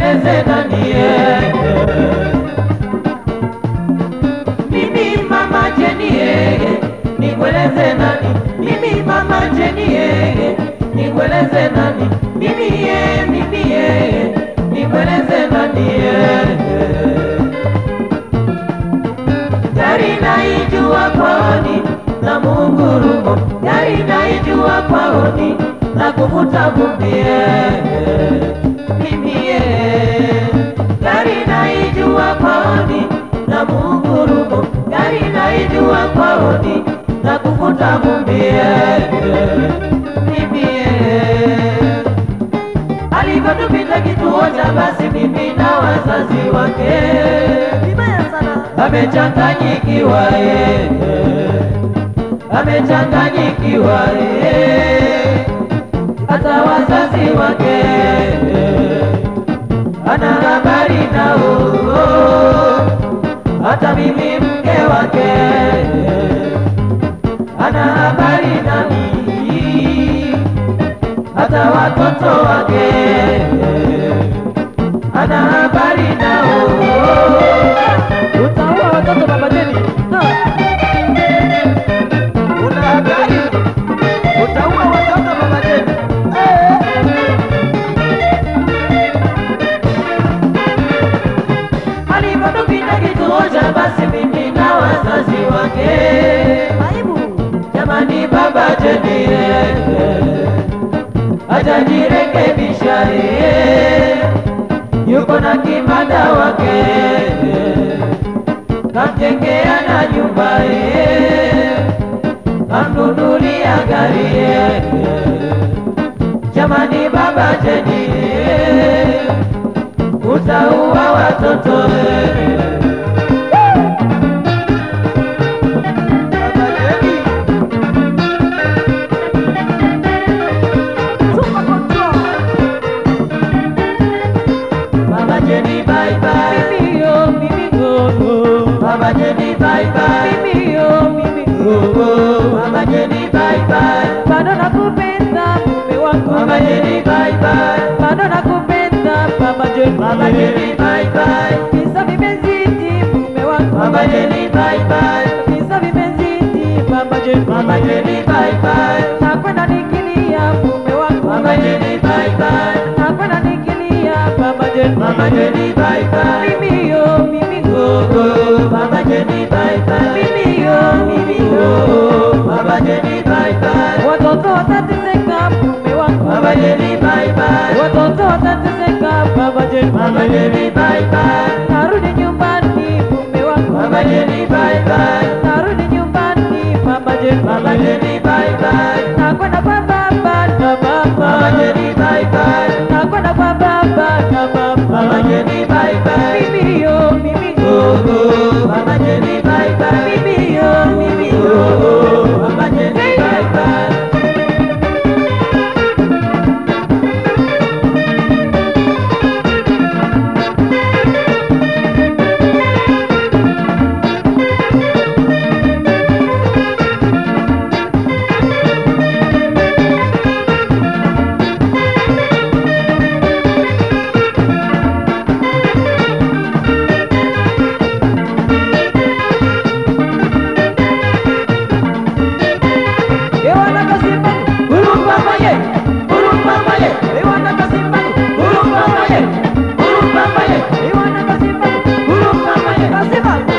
nieleze nani yeye mimi mama jeni yeye nikueleze nani mimi mama jeni yeye nikueleze nani mimi yeye mimi yeye nikueleze nani yeye gari naijua kwaoni na mungurumo gari naijua kwaoni na kuvuta vumbi yeye alivyotupita kituo cha basi mimi na wazazi wake amechanganyikiwa amechanganyikiwa hata wazazi wake ana habari nao hata mimi mke wake habari na mimi, hata watoto wake ana habari nao. Utaua watoto Baba na kimada wake kamjengea na nyumba kamnunulia gari yake jamani baba jeni utaua watoto Mama Jenny bye bye. Mimi oh mimi. Oh oh. Mama Jenny bye bye. Bado nakupenda mume wangu. Mama Jenny bye bye. Bado nakupenda Mama Jenny. Mama Jenny bye bye. Visa vimezidi mume wangu. Mama Jenny bye bye. Visa vimezidi Mama Jenny. Mama Jenny bye bye. Nakwenda nikilia mume wangu. Mama Jenny bye bye. Nakwenda nikilia Mama Jenny. Mama Jenny bye bye. Mimi jeri bye bye, watoto watateseka. Baba jeri mama jeri bye bye, narudi nyumbani mume wangu. Baba jeri bye bye, narudi nyumbani. Mama jeri mama jeri bye bye, nakwenda kwa baba na mama. Mama jeri bye bye, nakwenda kwa baba na mama. Mama jeri bye bye, bibi 대박